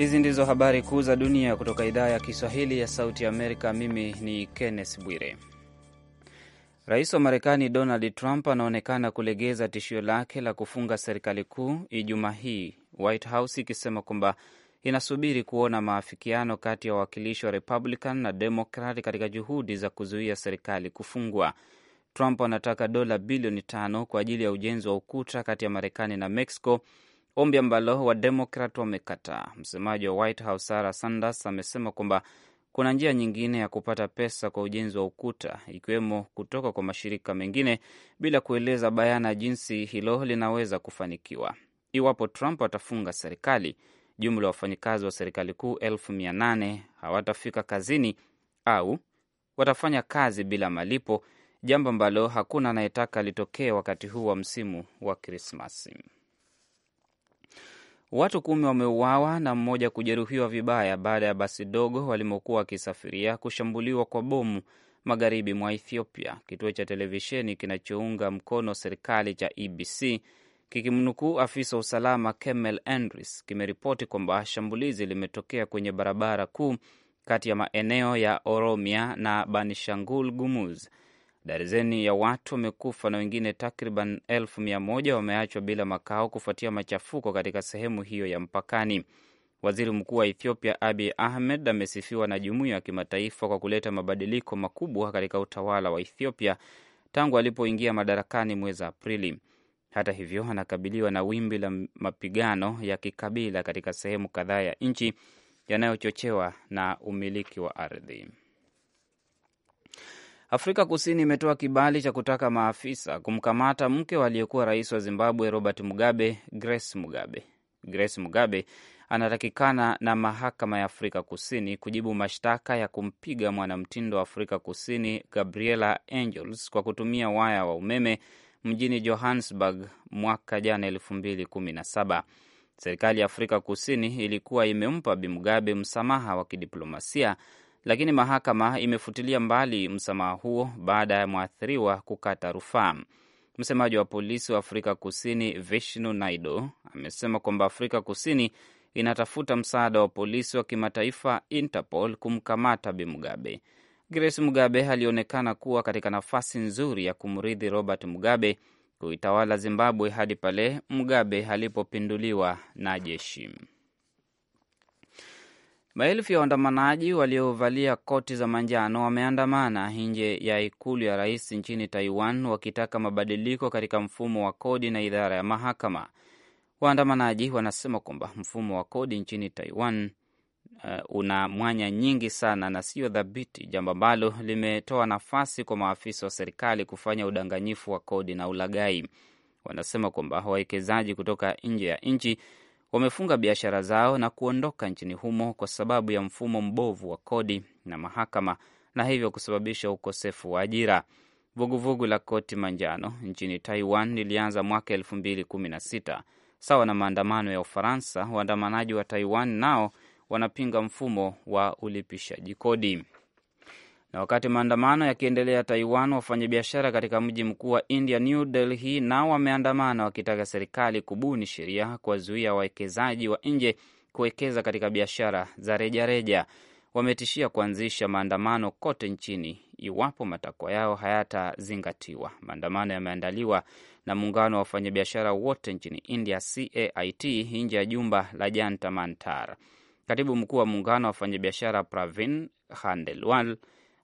Hizi ndizo habari kuu za dunia kutoka idhaa ya Kiswahili ya Sauti Amerika. Mimi ni Kenneth Bwire. Rais wa Marekani Donald Trump anaonekana kulegeza tishio lake la kufunga serikali kuu Ijumaa hii, White House ikisema kwamba inasubiri kuona maafikiano kati ya wawakilishi wa Republican na Demokrat katika juhudi za kuzuia serikali kufungwa. Trump anataka dola bilioni tano kwa ajili ya ujenzi wa ukuta kati ya Marekani na Mexico ombi ambalo Wademokrat wamekataa. Msemaji wa White House Sarah Sanders amesema kwamba kuna njia nyingine ya kupata pesa kwa ujenzi wa ukuta, ikiwemo kutoka kwa mashirika mengine, bila kueleza bayana jinsi hilo linaweza kufanikiwa. Iwapo Trump atafunga serikali, jumla ya wafanyikazi wa serikali kuu elfu mia nane hawatafika kazini au watafanya kazi bila malipo, jambo ambalo hakuna anayetaka litokee wakati huu wa msimu wa Krismasi. Watu kumi wameuawa na mmoja kujeruhiwa vibaya baada ya basi dogo walimokuwa wakisafiria kushambuliwa kwa bomu magharibi mwa Ethiopia. Kituo cha televisheni kinachounga mkono serikali cha EBC kikimnukuu afisa wa usalama Kemel andris kimeripoti kwamba shambulizi limetokea kwenye barabara kuu kati ya maeneo ya Oromia na Banishangul Gumuz Darizeni ya watu wamekufa na wengine takriban elfu mia moja wameachwa bila makao kufuatia machafuko katika sehemu hiyo ya mpakani. Waziri Mkuu wa Ethiopia Abiy Ahmed amesifiwa na jumuiya ya kimataifa kwa kuleta mabadiliko makubwa katika utawala wa Ethiopia tangu alipoingia madarakani mwezi Aprili. Hata hivyo, anakabiliwa na wimbi la mapigano ya kikabila katika sehemu kadhaa ya nchi yanayochochewa na umiliki wa ardhi. Afrika Kusini imetoa kibali cha kutaka maafisa kumkamata mke wa aliyekuwa rais wa Zimbabwe Robert Mugabe, Grace Mugabe. Grace Mugabe anatakikana na mahakama ya Afrika Kusini kujibu mashtaka ya kumpiga mwanamtindo wa Afrika Kusini Gabriela Angels kwa kutumia waya wa umeme mjini Johannesburg mwaka jana elfu mbili kumi na saba. Serikali ya Afrika Kusini ilikuwa imempa Bi Mugabe msamaha wa kidiplomasia lakini mahakama imefutilia mbali msamaha huo baada ya mwathiriwa kukata rufaa. Msemaji wa polisi wa Afrika Kusini Vishnu Naido amesema kwamba Afrika Kusini inatafuta msaada wa polisi wa kimataifa Interpol kumkamata Bi Mugabe. Grace Mugabe alionekana kuwa katika nafasi nzuri ya kumrithi Robert Mugabe kuitawala Zimbabwe hadi pale Mugabe alipopinduliwa na jeshi. Maelfu ya waandamanaji waliovalia koti za manjano wameandamana nje ya ikulu ya rais nchini Taiwan wakitaka mabadiliko katika mfumo wa kodi na idara ya mahakama. Waandamanaji wanasema kwamba mfumo wa kodi nchini Taiwan uh, una mwanya nyingi sana na sio dhabiti, jambo ambalo limetoa nafasi kwa maafisa wa serikali kufanya udanganyifu wa kodi na ulaghai. Wanasema kwamba wawekezaji kutoka nje ya nchi wamefunga biashara zao na kuondoka nchini humo kwa sababu ya mfumo mbovu wa kodi na mahakama na hivyo kusababisha ukosefu wa ajira. Vuguvugu la koti manjano nchini Taiwan lilianza mwaka elfu mbili kumi na sita sawa na maandamano ya Ufaransa. Waandamanaji wa Taiwan nao wanapinga mfumo wa ulipishaji kodi. Na wakati maandamano yakiendelea Taiwan, wafanyabiashara katika mji mkuu wa India, New Delhi, nao wameandamana wakitaka serikali kubuni sheria kuwazuia wawekezaji wa nje kuwekeza katika biashara za rejareja. Wametishia kuanzisha maandamano kote nchini iwapo matakwa yao hayatazingatiwa. Maandamano yameandaliwa na muungano wa wafanyabiashara wote nchini India, CAIT, nje ya jumba la jantamantar Mantar. Katibu mkuu wa muungano wa wafanyabiashara Pravin Handelwal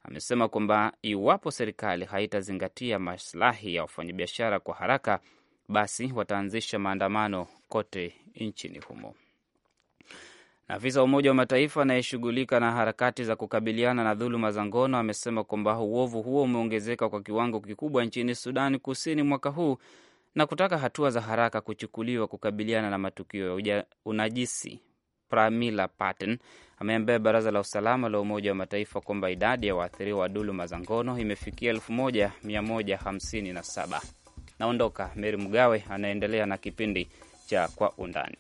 amesema kwamba iwapo serikali haitazingatia maslahi ya wafanyabiashara kwa haraka, basi wataanzisha maandamano kote nchini humo. Na afisa wa Umoja wa Mataifa anayeshughulika na harakati za kukabiliana na dhuluma za ngono amesema kwamba uovu huo umeongezeka kwa kiwango kikubwa nchini sudan Kusini mwaka huu na kutaka hatua za haraka kuchukuliwa kukabiliana na matukio ya unajisi Pramila Patten ameambia baraza la usalama la Umoja wa Mataifa kwamba idadi ya waathiriwa wa dhuluma za ngono imefikia 1157. Naondoka Meri Mgawe anaendelea na kipindi cha Kwa Undani.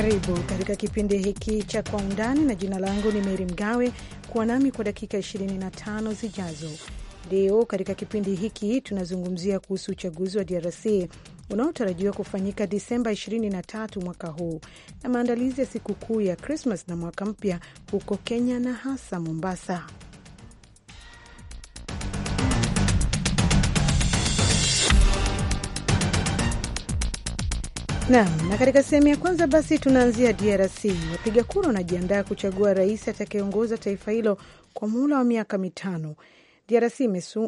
Karibu katika kipindi hiki cha Kwa Undani, na jina langu ni Meri Mgawe. Kuwa nami kwa dakika 25 zijazo. Leo katika kipindi hiki tunazungumzia kuhusu uchaguzi wa DRC unaotarajiwa kufanyika Disemba 23 mwaka huu na maandalizi ya sikukuu ya Krismas na mwaka mpya huko Kenya na hasa Mombasa. Naam, na katika sehemu ya kwanza basi tunaanzia DRC. Wapiga kura wanajiandaa kuchagua rais atakayeongoza taifa hilo kwa muhula wa miaka mitano. DRC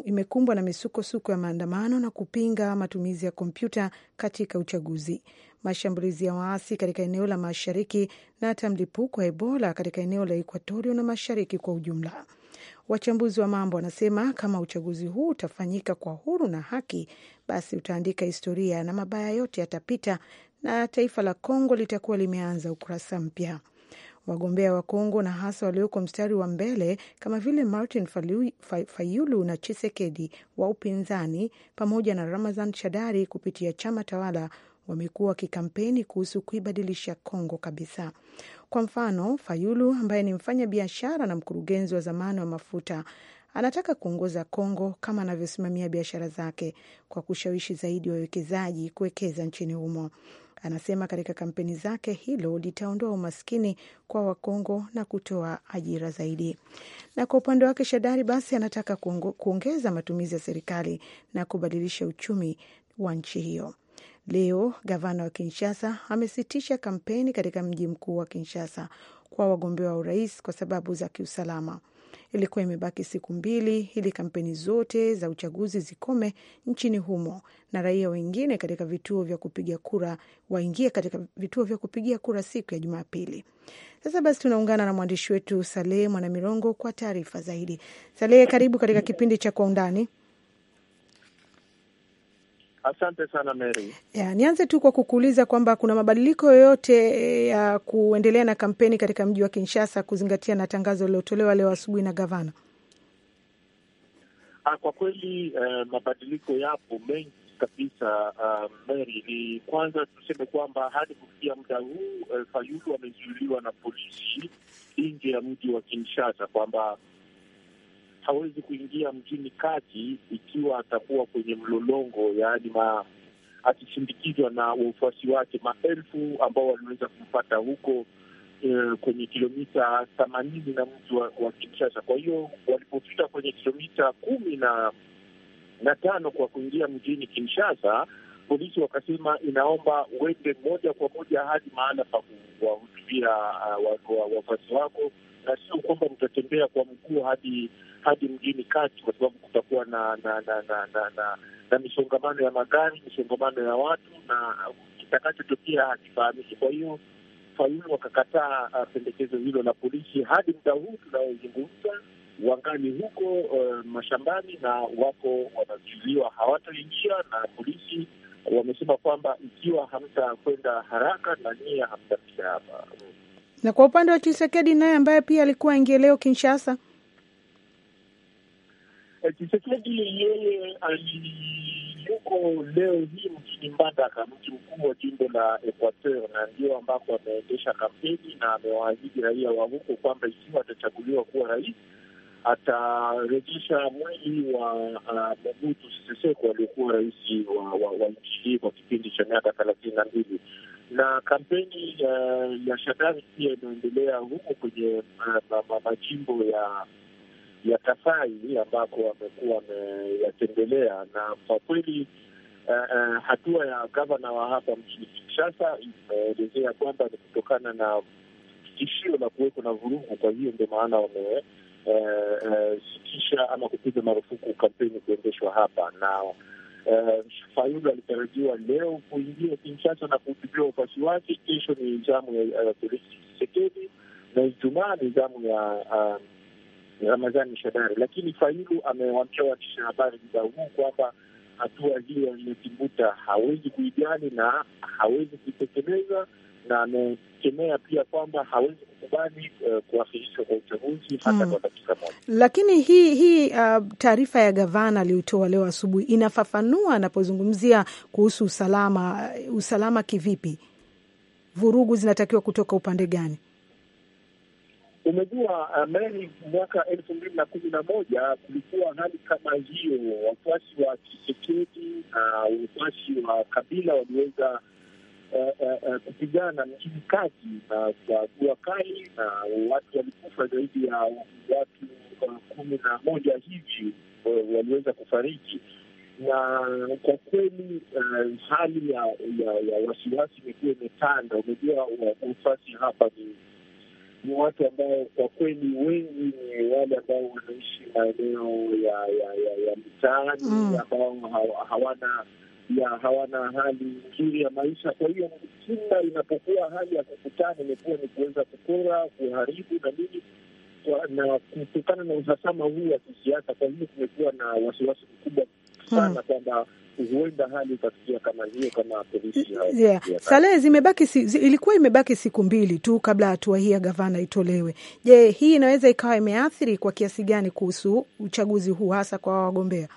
imekumbwa na misukosuko ya maandamano na kupinga matumizi ya kompyuta katika uchaguzi, mashambulizi ya waasi katika eneo la mashariki na hata mlipuko wa Ebola katika eneo la Ekuatorio na mashariki kwa ujumla. Wachambuzi wa mambo wanasema kama uchaguzi huu utafanyika kwa huru na haki, basi utaandika historia na mabaya yote yatapita na taifa la Kongo litakuwa limeanza ukurasa mpya. Wagombea wa Kongo na hasa walioko mstari wa mbele kama vile Martin Fayulu na Chisekedi wa upinzani pamoja na Ramazan Shadari kupitia chama tawala wamekuwa wakikampeni kuhusu kuibadilisha Kongo kabisa. Kwa mfano, Fayulu ambaye ni mfanya biashara na mkurugenzi wa zamani wa mafuta anataka kuongoza Kongo kama anavyosimamia biashara zake kwa kushawishi zaidi wawekezaji kuwekeza nchini humo. Anasema katika kampeni zake hilo litaondoa umaskini kwa Wakongo na kutoa ajira zaidi. Na kwa upande wake Shadari basi anataka kuongeza matumizi ya serikali na kubadilisha uchumi wa nchi hiyo. Leo gavana wa Kinshasa amesitisha kampeni katika mji mkuu wa Kinshasa kwa wagombea wa urais kwa sababu za kiusalama. Ilikuwa imebaki siku mbili ili kampeni zote za uchaguzi zikome nchini humo na raia wengine katika vituo vya kupiga kura waingie katika vituo vya kupigia kura siku ya Jumapili. Sasa basi, tunaungana na mwandishi wetu Salehe Mwanamirongo kwa taarifa zaidi. Salehe, karibu katika kipindi cha Kwa Undani. Asante sana Mary. Yeah, nianze tu kwa kukuuliza kwamba kuna mabadiliko yoyote eh, ya kuendelea na kampeni katika mji wa Kinshasa kuzingatia na tangazo lililotolewa leo asubuhi na gavana? Ha, ah, kwa kweli uh, mabadiliko yapo mengi kabisa uh, Mary, ni kwanza tuseme kwamba hadi kufikia muda huu uh, Fayulu amezuiliwa na polisi nje ya mji wa Kinshasa kwamba hawezi kuingia mjini kati ikiwa atakuwa kwenye mlolongo, yaani akisindikizwa na wafuasi wake maelfu ambao waliweza kumpata huko e, kwenye kilomita themanini na mji wa, wa Kinshasa. Kwa hiyo walipofika kwenye kilomita kumi na na tano kwa kuingia mjini Kinshasa, polisi wakasema inaomba uende moja kwa moja hadi mahala pa kuwahutubia ah, wafuasi wako na sio kwamba mtatembea kwa mguu hadi hadi mjini kati, kwa sababu kutakuwa na na na na, na, na, na misongamano ya magari, misongamano ya watu na kitakachotokea hakifahamiki. Kwa hiyo Fayulu wakakataa uh, pendekezo hilo la polisi. Hadi muda huu tunaozungumza, wangani huko uh, mashambani na wako wanazuiliwa, hawataingia na polisi wamesema kwamba ikiwa hamtakwenda haraka na nyie hamtafika hapa na kwa upande wa Chisekedi naye ambaye pia alikuwa ingie leo Kinshasa, Chisekedi eh, yeye aliyuko leo hii mjini Mbandaka, mji mkuu wa jimbo la Equateur, na ndio ambako ameendesha kampeni na amewaahidi raia wa huko kwamba ikiwa atachaguliwa kuwa rais atarejesha mwili wa uh, Mobutu Sese Seko aliokuwa rais wa, wa, wa nchi hii kwa kipindi cha miaka thelathini na mbili na kampeni ya, ya Shadari pia inaendelea huku kwenye majimbo ya ya Kasai ambako wamekuwa wameyatembelea na kwa kweli uh, uh, hatua ya gavana wa hapa mjini Kinshasa imeelezea kwamba ni kutokana na tishio la kuweko na vurugu, kwa hiyo ndio maana wame eh, sitisha uh, uh, ama kupiga marufuku kampeni kuendeshwa hapa na Uh, Fayulu alitarajiwa leo kuingia Kinshasa na kuhutubia ufasi wake. Kesho ni zamu ya uh, Felix Tshisekedi na Ijumaa ni zamu ya uh, Ramadhani Shadari, lakini Fayulu amewaambia waandishi habari muda huu kwamba hatua hiyo aliyotimbuta hawezi kuijali na hawezi kuitekeleza na amekemea pia kwamba hawezi kukubali uh, eh, kuahirishwa kwa uchaguzi hata hmm. kwa dakika moja. Lakini hii hii uh, taarifa ya gavana aliyotoa leo asubuhi inafafanua anapozungumzia kuhusu usalama. Uh, usalama kivipi? Vurugu zinatakiwa kutoka upande gani? Umejua uh, Meri, mwaka elfu mbili na kumi na moja kulikuwa hali kama hiyo. Wafuasi wa Tshisekedi na uh, wafuasi wa Kabila waliweza kupigana eh, eh, eh, nchini kati na kwa jua kali, na watu walikufa zaidi ya watu kumi na moja hivi waliweza kufariki, na kwa kweli uh, hali ya, ya, ya wasiwasi imekuwa imetanda. Umejua wafasi hapa ni ni watu ambao kwa kweli wengi ni wale ambao wanaishi maeneo ya ya, ya, ya mitaani mm, ambao hawana ya hawana hali nzuri ya maisha. Kwa hiyo kila inapokuwa hali ya kukutana imekuwa ni kuweza kukora kuharibu na nini, na kutokana na uhasama huu wa kisiasa. Kwa hiyo kumekuwa na wasiwasi mkubwa sana hmm. kwamba huenda hali ikafikia kama hiyo kama polisi yeah. Salehe zimebaki si, zi, ilikuwa imebaki siku mbili tu kabla hatua hii ya gavana itolewe. Je, hii inaweza ikawa imeathiri kwa kiasi gani kuhusu uchaguzi huu hasa kwa wagombea?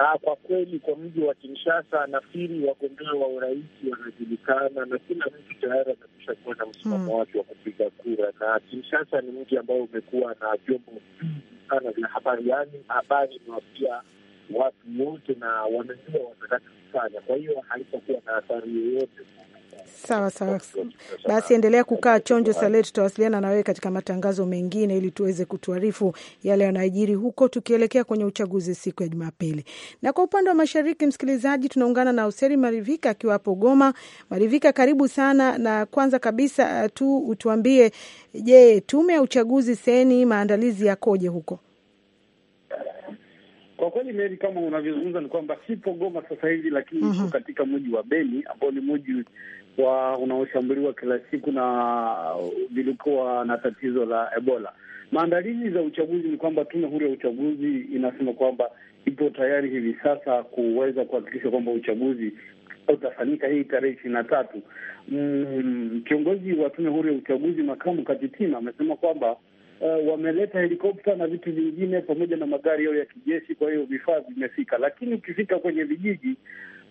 Aa, ah, kwa kweli kwa mji wa Kinshasa nafikiri wagombea wa urais wanajulikana na kila mtu tayari amekwisha kuwa na msimamo hmm. wake wa kupiga kura, na Kinshasa ni mji ambao umekuwa na vyombo vingi sana vya habari, yaani habari niwapia watu wote na wamejua watakachokifanya, kwa hiyo haitakuwa na athari yoyote. Sawa sawa, basi endelea kukaa chonjo Saleh, tutawasiliana na wewe katika matangazo mengine ili tuweze kutuarifu yale yanayojiri huko, tukielekea kwenye uchaguzi siku ya Jumapili. Na kwa upande wa mashariki, msikilizaji, tunaungana na Useri Marivika akiwa hapo Goma. Marivika, karibu sana, na kwanza kabisa uh, tu utuambie, je, tume ya uchaguzi seni maandalizi yakoje huko? Kwa kweli Meri, kama unavyozungumza ni kwamba sipo Goma sasa hivi, lakini mm -hmm. iko katika mji wa Beni ambao ni mji wa unaoshambuliwa kila siku na uh, vilikuwa na tatizo la Ebola. Maandalizi za uchaguzi ni kwamba tume huru ya uchaguzi inasema kwamba ipo tayari hivi sasa kuweza kuhakikisha kwamba uchaguzi utafanyika hii tarehe ishirini na tatu. Mm, kiongozi wa tume huru ya uchaguzi makamu katitina amesema kwamba uh, wameleta helikopta na vitu vingine pamoja na magari yao ya kijeshi, kwa hiyo vifaa vimefika, lakini ukifika kwenye vijiji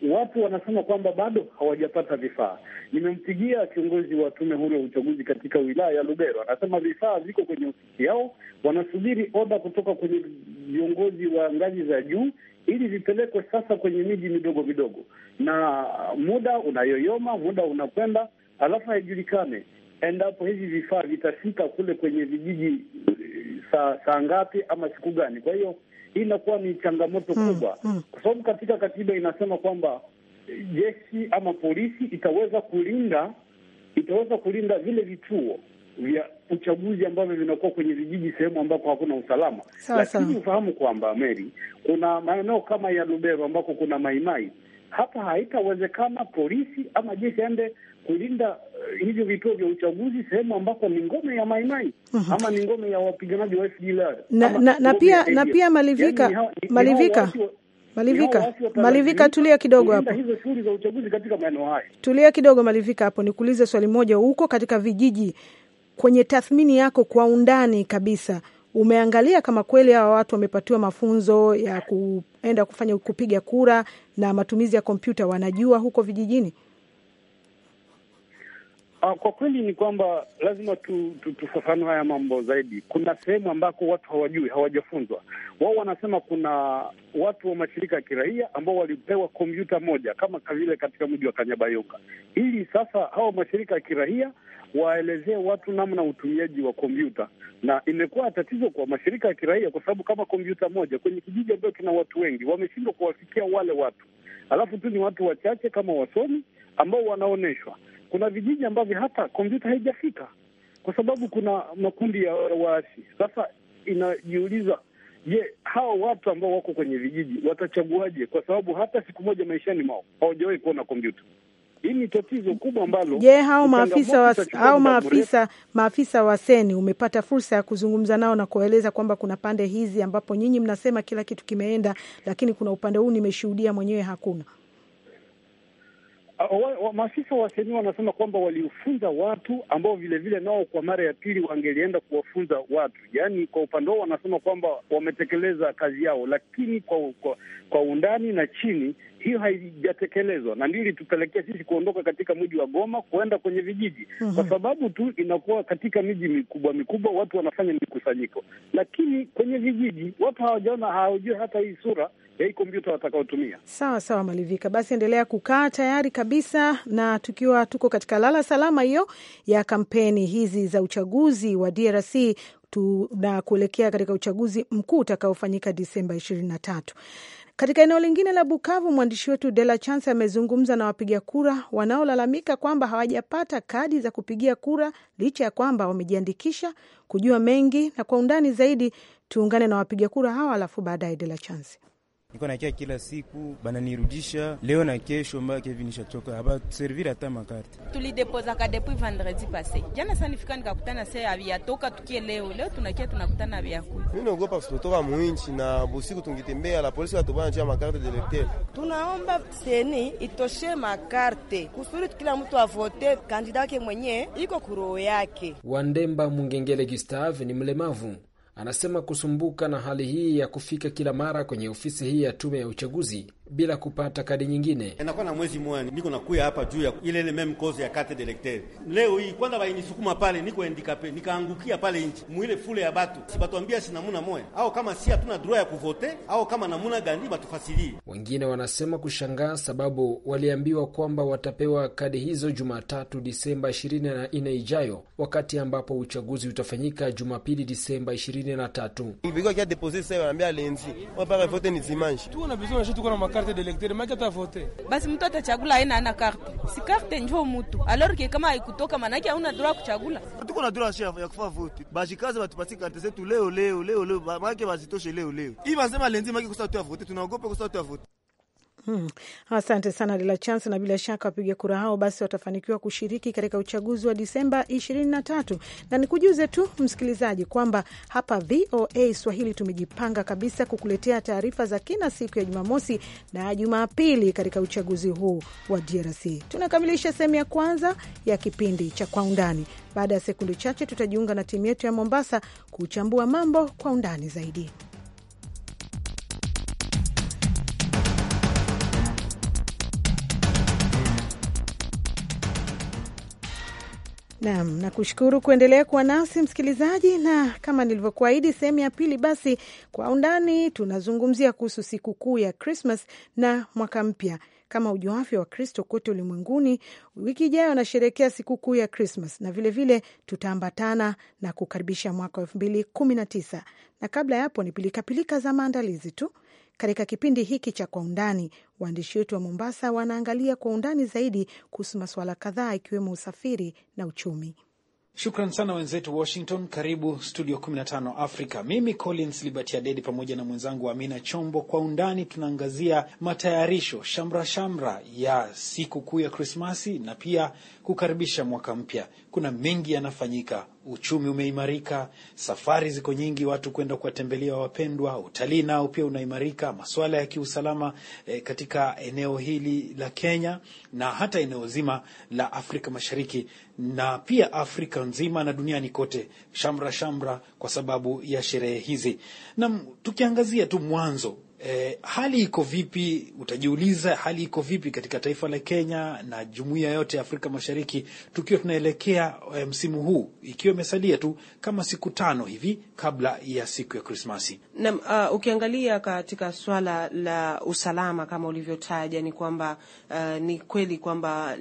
Wapo wanasema kwamba bado hawajapata vifaa. Nimempigia kiongozi wa tume huru ya uchaguzi katika wilaya ya Lubero, anasema vifaa viko kwenye ofisi yao, wanasubiri oda kutoka kwenye viongozi wa ngazi za juu ili vipelekwe sasa kwenye miji midogo midogo, na muda unayoyoma, muda unakwenda, alafu haijulikane endapo hivi vifaa vitafika kule kwenye vijiji eh, saa, saa ngapi ama siku gani. Kwa hiyo hii inakuwa ni changamoto mm, kubwa mm, kwa sababu katika katiba inasema kwamba eh, jeshi ama polisi itaweza kulinda itaweza kulinda vile vituo vya uchaguzi ambavyo vinakuwa kwenye vijiji, sehemu ambako hakuna usalama. Lakini ufahamu kwamba Meri, kuna maeneo kama ya Lubero ambako kuna maimai, hapa haitawezekana polisi ama jeshi aende kulinda uh, hivyo vituo vya uchaguzi sehemu ambako ni ngome ya maimai uh mhm. -huh. ama ni ngome ya wapiganaji wa FDLR na, na, na pia na pia malivika yani, malivika Malivika, Malivika, tulia kidogo hapo, tulia kidogo Malivika hapo, nikuulize swali moja. Huko katika vijiji, kwenye tathmini yako kwa undani kabisa, umeangalia kama kweli hawa watu wamepatiwa mafunzo ya kuenda kufanya kupiga kura na matumizi ya kompyuta, wanajua huko vijijini? Ah, kwa kweli ni kwamba lazima tu, tu, tufafanue haya mambo zaidi. Kuna sehemu ambako watu hawajui, hawajafunzwa. Wao wanasema kuna watu wa mashirika ya kiraia ambao walipewa kompyuta moja kama kavile katika mji wa Kanyabayoka, ili sasa hao mashirika ya kiraia waelezee watu namna utumiaji wa kompyuta, na imekuwa tatizo kwa mashirika ya kiraia kwa sababu kama kompyuta moja kwenye kijiji ambayo kina watu wengi, wameshindwa kuwafikia wale watu, alafu tu ni watu wachache kama wasomi ambao wanaonyeshwa kuna vijiji ambavyo hata kompyuta haijafika kwa sababu kuna makundi ya waasi. Sasa inajiuliza, je, hawa watu ambao wako kwenye vijiji watachaguaje? Kwa sababu hata siku moja maishani mao hawajawahi kuona kompyuta. Hii ni tatizo kubwa ambalo je, hao maafisa wa hao maafisa maafisa wa seni, umepata fursa ya kuzungumza nao na kueleza kwamba kuna pande hizi ambapo nyinyi mnasema kila kitu kimeenda, lakini kuna upande huu nimeshuhudia mwenyewe hakuna Ah, maafisa wa Senua wanasema kwamba walifunza watu ambao vilevile nao kwa mara ya pili wangelienda kuwafunza watu. Yaani, kwa upande wao wanasema kwamba wametekeleza kazi yao, lakini kwa, kwa, kwa undani na chini, hiyo haijatekelezwa na ndio ilitupelekea sisi kuondoka katika mji wa Goma kuenda kwenye vijiji mm -hmm. Kwa sababu tu inakuwa katika miji mikubwa mikubwa watu wanafanya mikusanyiko, lakini kwenye vijiji watu hawajaona, hawajui hata hii sura ya hii kompyuta watakaotumia. Sawa sawa, Malivika, basi endelea kukaa tayari kabisa, na tukiwa tuko katika lala salama hiyo ya kampeni hizi za uchaguzi wa DRC tuna kuelekea katika uchaguzi mkuu utakaofanyika Disemba ishirini na tatu. Katika eneo lingine la Bukavu, mwandishi wetu De La Chance amezungumza na wapiga kura wanaolalamika kwamba hawajapata kadi za kupigia kura licha ya kwamba wamejiandikisha. Kujua mengi na kwa undani zaidi, tuungane na wapiga kura hawa, alafu baadaye De La Chance niko nakia kila siku bananirudisha leo na kesho, mbaya Kevin ishatoka hapa servir hata makarte tulidepoza ka depuis vendredi passé jana. Sasa nifika nikakutana sasa aviatoka tukie leo leo tunakia tunakutana aviaku. Mimi naogopa tutova muinchi na busiku tungitembea la polisi watubana jia makarte de lecteur. Tunaomba seni itoshe makarte kusudi kila mtu avote kandida yake mwenye iko kuroho yake. Wandemba Mungengele Gustave ni mlemavu Anasema kusumbuka na hali hii ya kufika kila mara kwenye ofisi hii ya tume ya uchaguzi bila kupata kadi nyingine. Inakuwa na mwezi mwani niko nakuya hapa juu ya ile ile meme cause ya carte d'electeur. Leo hii kwanza bainisukuma pale, niko handicapé nikaangukia pale nje mwile fule ya batu, si batuambia si namuna moya au kama si hatuna droit ya kuvote au kama namuna gani batufasilie. Wengine wanasema kushangaa sababu waliambiwa kwamba watapewa kadi hizo Jumatatu Disemba 24 ijayo, wakati ambapo uchaguzi utafanyika Jumapili Disemba 23 karte de macha tafute. Basi mtu atachagula aina ana karte. Si karte njoo mtu. Alorike kama haikutoka maana yake hauna droit kuchagula. Tuko na droit ya kufa vote. Basi kazi batupatie karte zetu leo leo leo leo maana yake bazitoshe leo leo. Hii wanasema lendi maana yake tu vote tunaogopa kwa tu vote. Hmm. Asante sana Lila Chance, na bila shaka wapiga kura hao basi watafanikiwa kushiriki katika uchaguzi wa Disemba 23. Na nikujuze tu msikilizaji kwamba hapa VOA Swahili tumejipanga kabisa kukuletea taarifa za kila siku ya Jumamosi na Jumapili katika uchaguzi huu wa DRC. Tunakamilisha sehemu ya kwanza ya kipindi cha Kwa Undani. Baada ya sekunde chache, tutajiunga na timu yetu ya Mombasa kuchambua mambo kwa undani zaidi. Nam, nakushukuru kuendelea kuwa nasi msikilizaji, na kama nilivyokuahidi sehemu ya pili, basi kwa undani tunazungumzia kuhusu sikukuu ya Krismas na mwaka mpya. Kama ujuavyo, Wakristo kote ulimwenguni wiki ijayo wanasherehekea sikukuu ya Krismas na vilevile tutaambatana na kukaribisha mwaka wa elfu mbili kumi na tisa, na kabla ya hapo ni pilikapilika za maandalizi tu. Katika kipindi hiki cha Kwa Undani, waandishi wetu wa Mombasa wanaangalia kwa undani zaidi kuhusu masuala kadhaa ikiwemo usafiri na uchumi. Shukran sana wenzetu Washington. Karibu studio 15 Africa. Mimi Collins Libertia Dedi pamoja na mwenzangu Amina Chombo. Kwa undani tunaangazia matayarisho shamra shamra ya kuu ya Krismasi na pia kukaribisha mwaka mpya. Kuna mengi yanafanyika, uchumi umeimarika, safari ziko nyingi, watu kwenda kuwatembelea wapendwa, utalii nao pia unaimarika, masuala ya kiusalama e, katika eneo hili la Kenya na hata eneo zima la Afrika Mashariki na pia Afrika nzima na duniani kote, shamra shamra kwa sababu ya sherehe hizi. Na tukiangazia tu mwanzo E, hali iko vipi? Utajiuliza hali iko vipi katika taifa la Kenya na jumuiya yote ya Afrika Mashariki tukiwa tunaelekea e, msimu huu ikiwa imesalia tu kama siku tano hivi kabla ya siku ya Krismasi. Naam, uh, ukiangalia katika swala la usalama kama ulivyotaja ni kwamba uh, ni kweli kwamba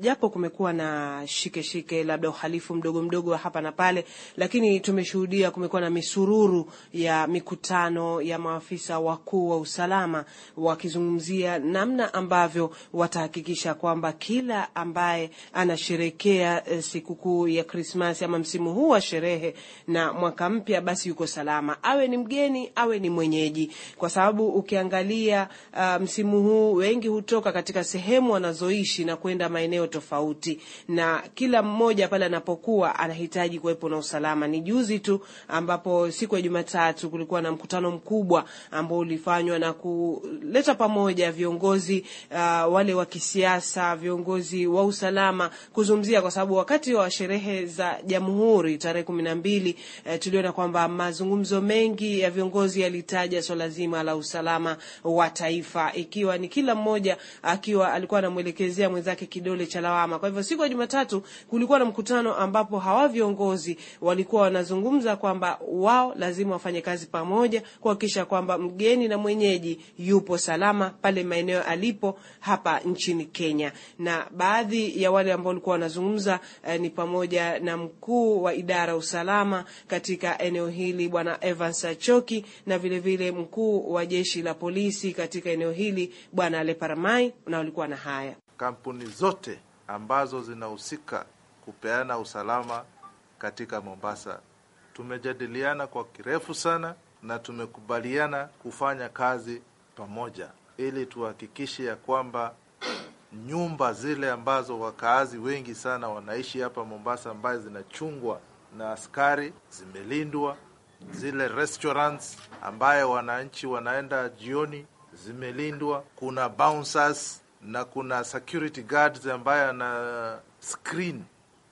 japo kumekuwa na shike shike, labda uhalifu mdogo mdogo hapa na pale, lakini tumeshuhudia kumekuwa na misururu ya mikutano ya maafisa wakuu mkuu wa usalama wakizungumzia namna ambavyo watahakikisha kwamba kila ambaye anasherekea eh, sikukuu ya Krismasi ama msimu huu wa sherehe na mwaka mpya, basi yuko salama, awe ni mgeni awe ni mwenyeji, kwa sababu ukiangalia uh, msimu huu wengi hutoka katika sehemu wanazoishi na kwenda maeneo tofauti, na kila mmoja pale anapokuwa anahitaji kuwepo na usalama. Ni juzi tu ambapo siku ya Jumatatu kulikuwa na mkutano mkubwa ambao ulifanyika kufanywa na kuleta pamoja viongozi uh, wale wa kisiasa, viongozi wa usalama kuzungumzia, kwa sababu wakati wa sherehe za Jamhuri tarehe kumi na mbili uh, tuliona kwamba mazungumzo mengi ya viongozi yalitaja swala so zima la usalama wa taifa, ikiwa ni kila mmoja akiwa alikuwa anamwelekezea mwenzake kidole cha lawama. Kwa hivyo siku ya Jumatatu kulikuwa na mkutano ambapo hawa viongozi walikuwa wanazungumza kwamba wao lazima wafanye kazi pamoja kuhakikisha kwamba mgeni na mwenyeji yupo salama pale maeneo alipo hapa nchini Kenya. Na baadhi ya wale ambao walikuwa wanazungumza eh, ni pamoja na mkuu wa idara usalama katika eneo hili Bwana Evans Achoki na vilevile vile mkuu wa jeshi la polisi katika eneo hili Bwana Leparamai, na walikuwa na haya kampuni zote ambazo zinahusika kupeana usalama katika Mombasa. Tumejadiliana kwa kirefu sana na tumekubaliana kufanya kazi pamoja ili tuhakikishe ya kwamba nyumba zile ambazo wakaazi wengi sana wanaishi hapa Mombasa, ambazo zinachungwa na askari zimelindwa, zile restaurants ambayo wananchi wanaenda jioni zimelindwa, kuna bouncers na kuna security guards ambaye ana screen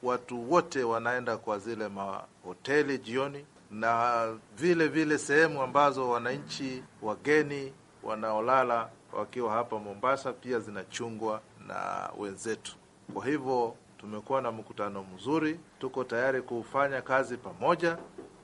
watu wote wanaenda kwa zile mahoteli jioni na vile vile sehemu ambazo wananchi wageni wanaolala wakiwa hapa Mombasa pia zinachungwa na wenzetu. Kwa hivyo tumekuwa na mkutano mzuri, tuko tayari kufanya kazi pamoja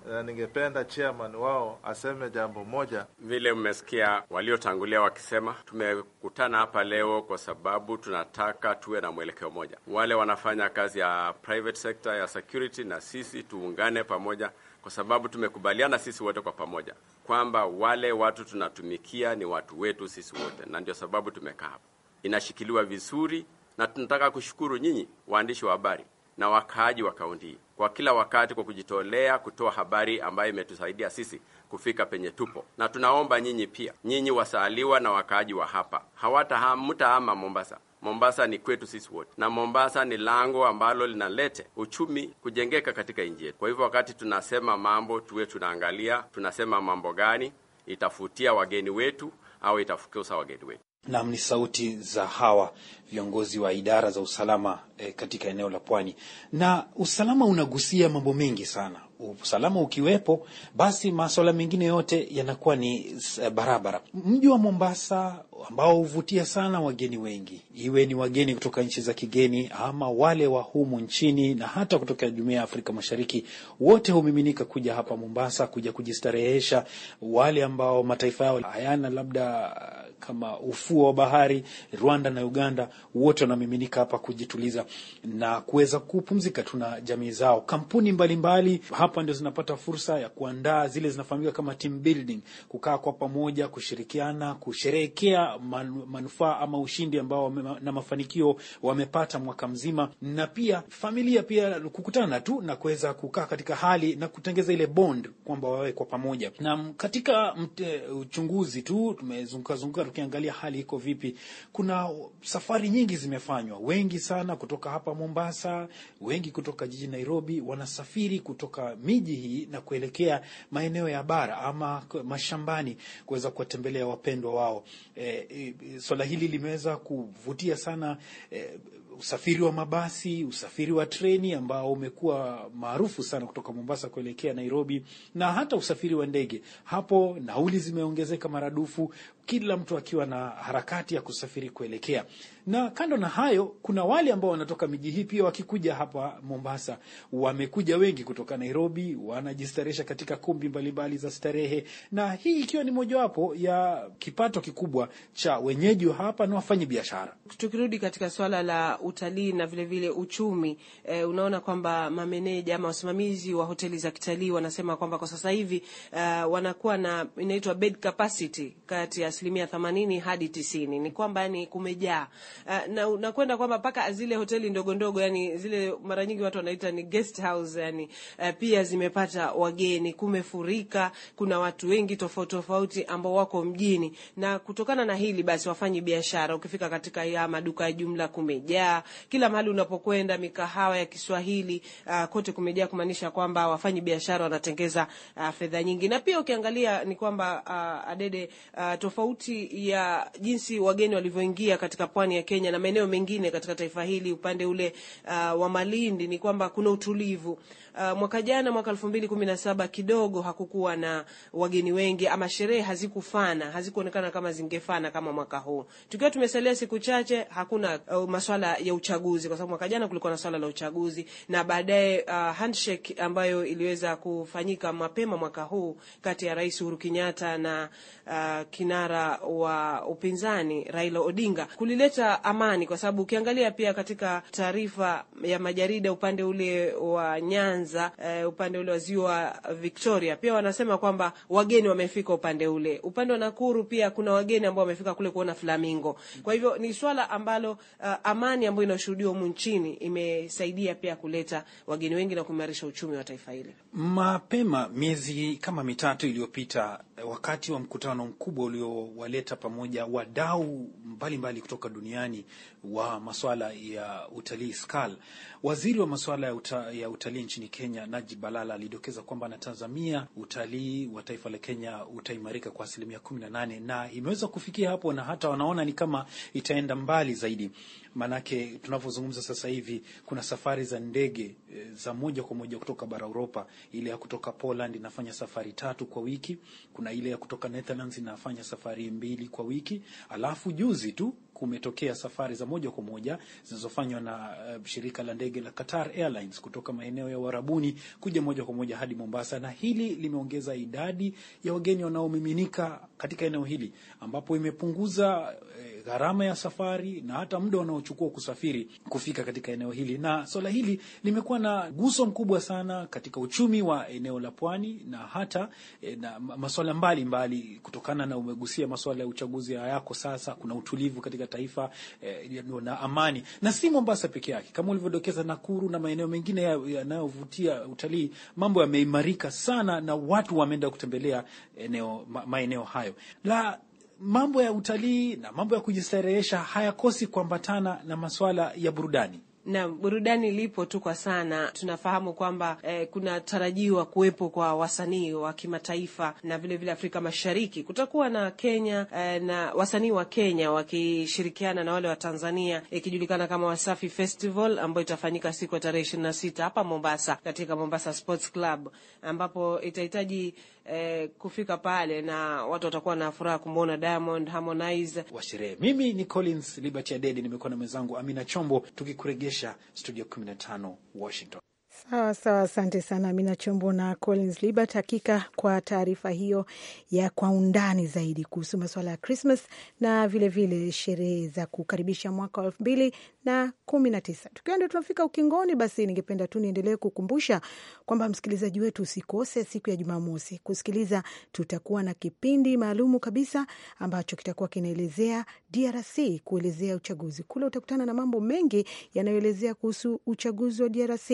na ningependa chairman wao aseme jambo moja. Vile mmesikia waliotangulia wakisema, tumekutana hapa leo kwa sababu tunataka tuwe na mwelekeo moja. Wale wanafanya kazi ya private sector ya security na sisi tuungane pamoja, kwa sababu tumekubaliana sisi wote kwa pamoja kwamba wale watu tunatumikia ni watu wetu sisi wote, na ndio sababu tumekaa hapa. Inashikiliwa vizuri, na tunataka kushukuru nyinyi waandishi wa habari na wakaaji wa kaunti kwa kila wakati kwa kujitolea kutoa habari ambayo imetusaidia sisi kufika penye tupo, na tunaomba nyinyi pia, nyinyi wasaliwa na wakaaji wa hapa hawatahamtahama Mombasa. Mombasa ni kwetu sisi wote, na Mombasa ni lango ambalo linalete uchumi kujengeka katika nchi yetu. Kwa hivyo, wakati tunasema mambo, tuwe tunaangalia tunasema mambo gani itafutia wageni wetu au itafukusa wageni wetu. Nam ni sauti za hawa viongozi wa idara za usalama e, katika eneo la pwani. Na usalama unagusia mambo mengi sana. Usalama ukiwepo, basi masuala mengine yote yanakuwa ni eh, barabara. Mji wa Mombasa ambao huvutia sana wageni wengi, iwe ni wageni kutoka nchi za kigeni ama wale wa humu nchini na hata kutoka jumuiya ya Afrika Mashariki. Wote humiminika kuja hapa Mombasa kuja kujistarehesha, wale ambao mataifa yao hayana labda uh, kama ufuo wa bahari, Rwanda na Uganda, wote wanamiminika hapa kujituliza na kuweza kupumzika tu na jamii zao. Kampuni mbalimbali mbali, hapa ndio zinapata fursa ya kuandaa zile zinafahamika kama team building, kukaa kwa pamoja, kushirikiana, kusherehekea manufaa ama ushindi ambao na mafanikio wamepata mwaka mzima, na pia familia pia kukutana tu na kuweza kukaa katika hali na kutengeza ile bond kwamba wawe kwa pamoja. Na katika mte, uchunguzi tu tumezunguka zunguka tukiangalia hali iko vipi, kuna safari nyingi zimefanywa, wengi sana kutoka hapa Mombasa, wengi kutoka jiji Nairobi, wanasafiri kutoka miji hii na kuelekea maeneo ya bara ama mashambani kuweza kuwatembelea wapendwa wao e, Eh, eh, eh, swala hili limeweza kuvutia sana e, usafiri wa mabasi, usafiri wa treni ambao umekuwa maarufu sana kutoka Mombasa kuelekea Nairobi, na hata usafiri wa ndege. Hapo nauli zimeongezeka maradufu, kila mtu akiwa na harakati ya kusafiri kuelekea. Na kando na hayo, kuna wale ambao wanatoka miji hii pia wakikuja hapa Mombasa, wamekuja wengi kutoka Nairobi, wanajistarisha katika kumbi mbalimbali za starehe, na hii ikiwa ni mojawapo ya kipato kikubwa cha wenyeji hapa na wafanyi biashara. Tukirudi katika swala la utalii na vile vile uchumi e, unaona kwamba mameneja ama wasimamizi wa hoteli za kitalii wanasema kwamba kwa sasa hivi uh, wanakuwa na inaitwa bed capacity kati ya asilimia themanini hadi tisini ni kwamba yani kumejaa uh, na unakwenda kwamba mpaka zile hoteli ndogo ndogo yani zile mara nyingi watu wanaita ni guest house yani uh, pia zimepata wageni, kumefurika, kuna watu wengi tofauti tofauti ambao wako mjini, na kutokana na hili basi wafanyi biashara ukifika katika ya maduka ya jumla kumejaa kumejaa kila mahali unapokwenda, mikahawa ya Kiswahili uh, kote kumejaa, kumaanisha kwamba wafanyi biashara wanatengeza uh, fedha nyingi. Na pia ukiangalia ni kwamba uh, Adede, uh, tofauti ya jinsi wageni walivyoingia katika pwani ya Kenya na maeneo mengine katika taifa hili upande ule uh, wa Malindi ni kwamba kuna utulivu uh, mwaka jana mwaka 2017 kidogo hakukuwa na wageni wengi ama sherehe hazikufana, hazikuonekana kama zingefana kama mwaka huu. Tukiwa tumesalia siku chache, hakuna uh, maswala ya uchaguzi, kwa sababu mwaka jana kulikuwa na swala la uchaguzi na baadaye uh, handshake ambayo iliweza kufanyika mapema mwaka huu kati ya Rais Uhuru Kenyatta na uh, kinara wa upinzani Raila Odinga kulileta amani, kwa sababu ukiangalia pia katika taarifa ya majarida upande ule wa Nyanza Nyanza eh, upande ule wa ziwa Victoria, pia wanasema kwamba wageni wamefika upande ule. Upande wa Nakuru pia kuna wageni ambao wamefika kule kuona flamingo. Kwa hivyo ni swala ambalo, uh, amani ambayo inashuhudiwa humu nchini imesaidia pia kuleta wageni wengi na kuimarisha uchumi wa taifa hili. Mapema miezi kama mitatu iliyopita, eh, wakati wa mkutano mkubwa uliowaleta pamoja wadau mbalimbali kutoka duniani wa masuala ya utalii SCAL, waziri wa masuala ya utalii nchini Kenya Najib Balala alidokeza kwamba anatazamia utalii wa taifa la Kenya utaimarika kwa asilimia kumi na nane na imeweza kufikia hapo, na hata wanaona ni kama itaenda mbali zaidi. Maanake tunavyozungumza sasa hivi kuna safari za ndege eh, za moja kwa moja kutoka bara Europa. Ile ya kutoka Poland inafanya safari tatu kwa wiki, kuna ile ya kutoka Netherlands inafanya safari mbili kwa wiki, alafu juzi tu kumetokea safari za moja kwa moja zinazofanywa na uh, shirika la ndege la Qatar Airlines kutoka maeneo ya Warabuni kuja moja kwa moja hadi Mombasa, na hili limeongeza idadi ya wageni wanaomiminika katika eneo hili ambapo imepunguza uh, gharama ya safari na hata muda wanaochukua kusafiri kufika katika eneo hili. Na swala hili limekuwa na guso mkubwa sana katika uchumi wa eneo la pwani na hata e, na masuala mbalimbali, kutokana na umegusia masuala ya uchaguzi yako sasa. Kuna utulivu katika taifa e, na amani, na si Mombasa peke yake, kama ulivyodokeza, Nakuru na maeneo mengine yanayovutia ya utalii, mambo yameimarika sana na watu wameenda kutembelea eneo ma, maeneo hayo la mambo ya utalii na mambo ya kujistarehesha hayakosi kuambatana na masuala ya burudani. na burudani lipo tu kwa sana. Tunafahamu kwamba eh, kuna tarajiwa kuwepo kwa wasanii wa kimataifa na vilevile vile Afrika Mashariki kutakuwa na Kenya eh, na wasanii wa Kenya wakishirikiana na wale wa Tanzania ikijulikana eh, kama Wasafi Festival ambayo itafanyika siku ya tarehe ishirini na sita hapa Mombasa katika Mombasa Sports Club ambapo itahitaji eh, kufika pale na watu watakuwa na furaha kumwona Diamond Harmonize wa sherehe. Mimi ni Collins Liberty Adede, nimekuwa na mwenzangu Amina Chombo, tukikuregesha studio 15 Washington. Sawa sawa, asante sana Amina Chombo na Collins Libert, hakika kwa taarifa hiyo ya kwa undani zaidi kuhusu masuala ya Christmas na vilevile sherehe za kukaribisha mwaka wa elfu mbili na kumi na tisa. Tukiwa ndio tunafika ukingoni, basi ningependa tu niendelee kukumbusha kwamba msikilizaji wetu usikose siku ya Jumamosi kusikiliza. Tutakuwa na kipindi maalumu kabisa ambacho kitakuwa kinaelezea DRC, kuelezea uchaguzi kule. Utakutana na mambo mengi yanayoelezea kuhusu uchaguzi wa DRC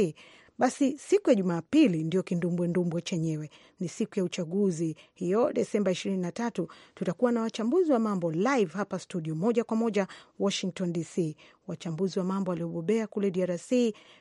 basi siku ya Jumapili ndio kindumbwendumbwe chenyewe, ni siku ya uchaguzi hiyo, Desemba ishirini na tatu. Tutakuwa na wachambuzi wa mambo live hapa studio moja kwa moja Washington DC, wachambuzi wa mambo waliobobea kule DRC,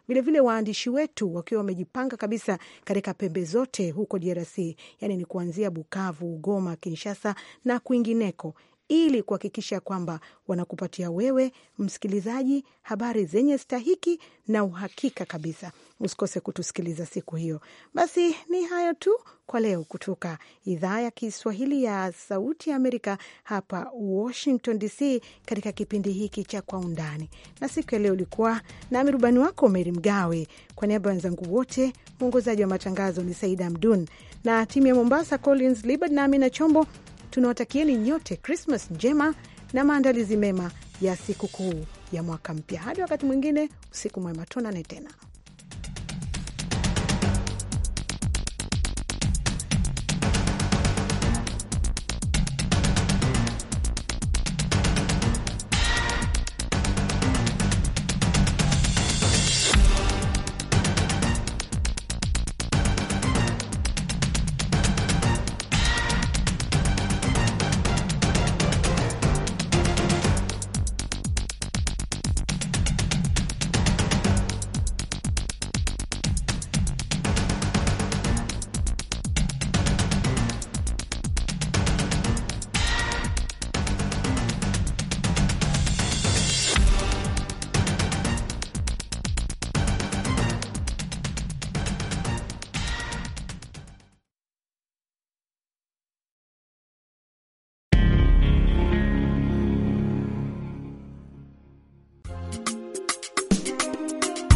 vilevile waandishi wetu wakiwa wamejipanga kabisa katika pembe zote huko DRC, yani ni kuanzia Bukavu, Goma, Kinshasa na kwingineko ili kuhakikisha kwamba wanakupatia wewe msikilizaji habari zenye stahiki na uhakika kabisa. Usikose kutusikiliza siku hiyo. Basi ni hayo tu kwa leo kutoka idhaa ya Kiswahili ya Sauti ya Amerika hapa Washington DC, katika kipindi hiki cha Kwa Undani. Na siku ya leo ulikuwa na mirubani wako Meri Mgawe. Kwa niaba ya wenzangu wote, mwongozaji wa matangazo ni Saida Amdun na timu ya Mombasa Collins Libert na Amina Chombo tunawatakieni nyote Krismas njema na maandalizi mema ya sikukuu ya mwaka mpya. Hadi wakati mwingine, usiku mwema, tuonane tena.